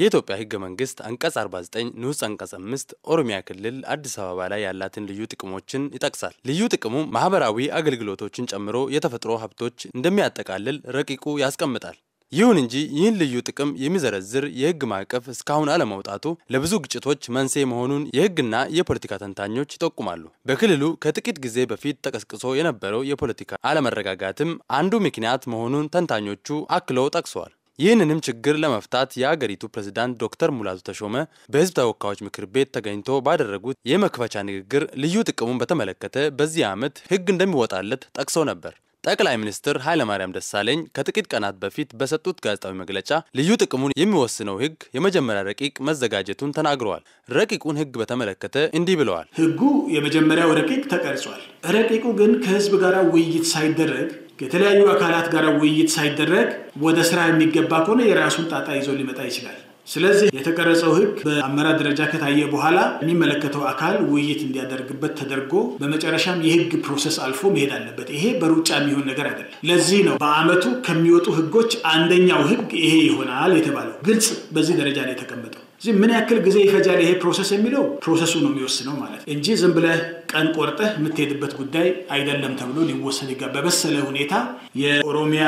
የኢትዮጵያ ሕገ መንግስት አንቀጽ 49 ንዑስ አንቀጽ 5 ኦሮሚያ ክልል አዲስ አበባ ላይ ያላትን ልዩ ጥቅሞችን ይጠቅሳል። ልዩ ጥቅሙ ማህበራዊ አገልግሎቶችን ጨምሮ የተፈጥሮ ሀብቶች እንደሚያጠቃልል ረቂቁ ያስቀምጣል። ይሁን እንጂ ይህን ልዩ ጥቅም የሚዘረዝር የህግ ማዕቀፍ እስካሁን አለመውጣቱ ለብዙ ግጭቶች መንስኤ መሆኑን የህግና የፖለቲካ ተንታኞች ይጠቁማሉ። በክልሉ ከጥቂት ጊዜ በፊት ተቀስቅሶ የነበረው የፖለቲካ አለመረጋጋትም አንዱ ምክንያት መሆኑን ተንታኞቹ አክለው ጠቅሰዋል። ይህንንም ችግር ለመፍታት የአገሪቱ ፕሬዝዳንት ዶክተር ሙላቱ ተሾመ በህዝብ ተወካዮች ምክር ቤት ተገኝቶ ባደረጉት የመክፈቻ ንግግር ልዩ ጥቅሙን በተመለከተ በዚህ ዓመት ህግ እንደሚወጣለት ጠቅሰው ነበር። ጠቅላይ ሚኒስትር ኃይለማርያም ደሳለኝ ከጥቂት ቀናት በፊት በሰጡት ጋዜጣዊ መግለጫ ልዩ ጥቅሙን የሚወስነው ህግ የመጀመሪያ ረቂቅ መዘጋጀቱን ተናግረዋል። ረቂቁን ህግ በተመለከተ እንዲህ ብለዋል። ህጉ የመጀመሪያው ረቂቅ ተቀርጿል። ረቂቁ ግን ከህዝብ ጋር ውይይት ሳይደረግ ከተለያዩ አካላት ጋር ውይይት ሳይደረግ ወደ ስራ የሚገባ ከሆነ የራሱን ጣጣ ይዞ ሊመጣ ይችላል። ስለዚህ የተቀረጸው ህግ በአመራር ደረጃ ከታየ በኋላ የሚመለከተው አካል ውይይት እንዲያደርግበት ተደርጎ በመጨረሻም የህግ ፕሮሰስ አልፎ መሄድ አለበት። ይሄ በሩጫ የሚሆን ነገር አይደለም። ለዚህ ነው በአመቱ ከሚወጡ ህጎች አንደኛው ህግ ይሄ ይሆናል የተባለው። ግልጽ በዚህ ደረጃ ነው የተቀመጠው። እዚህ ምን ያክል ጊዜ ይፈጃል ይሄ ፕሮሰስ የሚለው ፕሮሰሱ ነው የሚወስነው ማለት እንጂ ዝም ብለህ ቀን ቆርጠህ የምትሄድበት ጉዳይ አይደለም ተብሎ ሊወሰድ ይጋ በበሰለ ሁኔታ የኦሮሚያ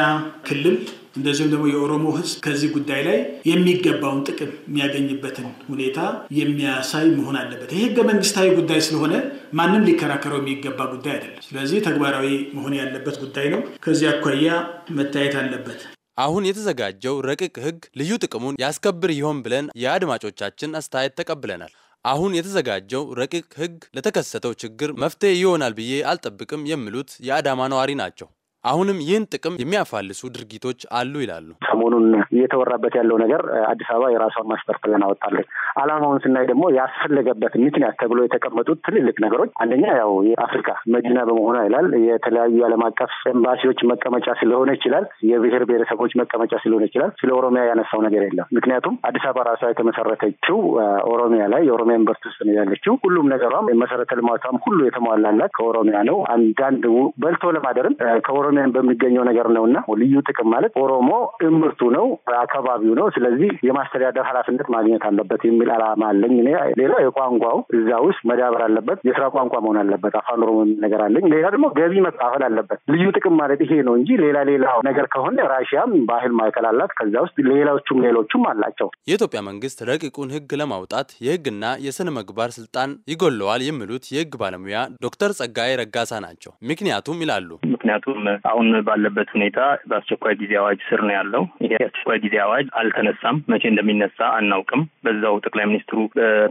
ክልል እንደዚሁም ደግሞ የኦሮሞ ህዝብ ከዚህ ጉዳይ ላይ የሚገባውን ጥቅም የሚያገኝበትን ሁኔታ የሚያሳይ መሆን አለበት። ይህ ህገ መንግስታዊ ጉዳይ ስለሆነ ማንም ሊከራከረው የሚገባ ጉዳይ አይደለም። ስለዚህ ተግባራዊ መሆን ያለበት ጉዳይ ነው። ከዚህ አኳያ መታየት አለበት። አሁን የተዘጋጀው ረቂቅ ህግ ልዩ ጥቅሙን ያስከብር ይሆን ብለን የአድማጮቻችን አስተያየት ተቀብለናል። አሁን የተዘጋጀው ረቂቅ ህግ ለተከሰተው ችግር መፍትሄ ይሆናል ብዬ አልጠብቅም የሚሉት የአዳማ ነዋሪ ናቸው። አሁንም ይህን ጥቅም የሚያፋልሱ ድርጊቶች አሉ ይላሉ። ሰሞኑን እየተወራበት ያለው ነገር አዲስ አበባ የራሷን ማስተር ፕላን አወጣለች። አላማውን ስናይ ደግሞ ያስፈለገበት ምክንያት ተብሎ የተቀመጡት ትልልቅ ነገሮች አንደኛ ያው የአፍሪካ መዲና በመሆኗ ይላል። የተለያዩ ዓለም አቀፍ ኤምባሲዎች መቀመጫ ስለሆነ ይችላል። የብሔር ብሔረሰቦች መቀመጫ ስለሆነ ይችላል። ስለ ኦሮሚያ ያነሳው ነገር የለም። ምክንያቱም አዲስ አበባ ራሷ የተመሰረተችው ኦሮሚያ ላይ የኦሮሚያ ዩኒቨርስቲ ውስጥ ነው ያለችው። ሁሉም ነገሯም መሰረተ ልማቷም ሁሉ የተሟላላት ከኦሮሚያ ነው። አንዳንድ በልቶ ለማደርም ከኦሮ ኦሮሚያን በሚገኘው ነገር ነው እና ልዩ ጥቅም ማለት ኦሮሞ እምርቱ ነው፣ አካባቢው ነው። ስለዚህ የማስተዳደር ኃላፊነት ማግኘት አለበት የሚል አላማ አለኝ እኔ። ሌላ የቋንቋው እዛ ውስጥ መዳበር አለበት፣ የስራ ቋንቋ መሆን አለበት። አፋን ኦሮሞ የሚል ነገር አለኝ። ሌላ ደግሞ ገቢ መካፈል አለበት። ልዩ ጥቅም ማለት ይሄ ነው እንጂ ሌላ ሌላ ነገር ከሆነ ራሽያም ባህል ማዕከል አላት። ከዛ ውስጥ ሌሎቹም ሌሎቹም አላቸው። የኢትዮጵያ መንግስት ረቂቁን ህግ ለማውጣት የህግና የስነ ምግባር ስልጣን ይጎለዋል የሚሉት የህግ ባለሙያ ዶክተር ጸጋዬ ረጋሳ ናቸው። ምክንያቱም ይላሉ ምክንያቱም አሁን ባለበት ሁኔታ በአስቸኳይ ጊዜ አዋጅ ስር ነው ያለው። ይሄ የአስቸኳይ ጊዜ አዋጅ አልተነሳም፣ መቼ እንደሚነሳ አናውቅም። በዛው ጠቅላይ ሚኒስትሩ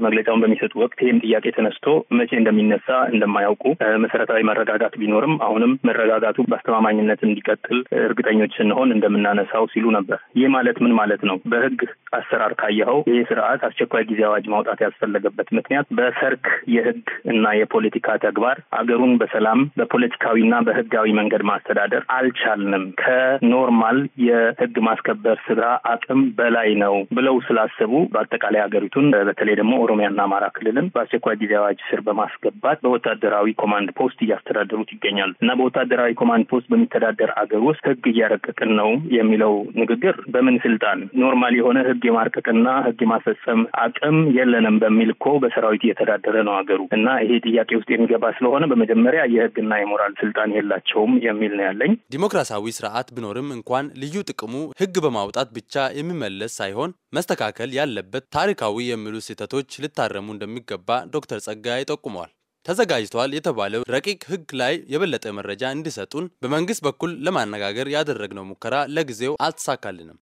መግለጫውን በሚሰጡ ወቅት ይህም ጥያቄ ተነስቶ መቼ እንደሚነሳ እንደማያውቁ መሰረታዊ መረጋጋት ቢኖርም አሁንም መረጋጋቱ በአስተማማኝነት እንዲቀጥል እርግጠኞች ስንሆን እንደምናነሳው ሲሉ ነበር። ይህ ማለት ምን ማለት ነው? በህግ አሰራር ካየኸው ይህ ስርዓት አስቸኳይ ጊዜ አዋጅ ማውጣት ያስፈለገበት ምክንያት በሰርክ የህግ እና የፖለቲካ ተግባር አገሩን በሰላም በፖለቲካዊና በህጋዊ መ መንገድ ማስተዳደር አልቻልንም፣ ከኖርማል የህግ ማስከበር ስራ አቅም በላይ ነው ብለው ስላሰቡ በአጠቃላይ ሀገሪቱን በተለይ ደግሞ ኦሮሚያና አማራ ክልልን በአስቸኳይ ጊዜ አዋጅ ስር በማስገባት በወታደራዊ ኮማንድ ፖስት እያስተዳደሩት ይገኛሉ እና በወታደራዊ ኮማንድ ፖስት በሚተዳደር አገር ውስጥ ህግ እያረቀቅን ነው የሚለው ንግግር በምን ስልጣን ኖርማል የሆነ ህግ የማርቀቅና ህግ የማስፈጸም አቅም የለንም በሚል እኮ በሰራዊት እየተዳደረ ነው ሀገሩ እና ይሄ ጥያቄ ውስጥ የሚገባ ስለሆነ በመጀመሪያ የህግና የሞራል ስልጣን የላቸውም የሚል ነው ያለኝ። ዲሞክራሲያዊ ስርዓት ቢኖርም እንኳን ልዩ ጥቅሙ ህግ በማውጣት ብቻ የሚመለስ ሳይሆን መስተካከል ያለበት ታሪካዊ የሚሉ ስህተቶች ሊታረሙ እንደሚገባ ዶክተር ጸጋይ ጠቁመዋል። ተዘጋጅቷል የተባለው ረቂቅ ህግ ላይ የበለጠ መረጃ እንዲሰጡን በመንግስት በኩል ለማነጋገር ያደረግነው ሙከራ ለጊዜው አልተሳካልንም።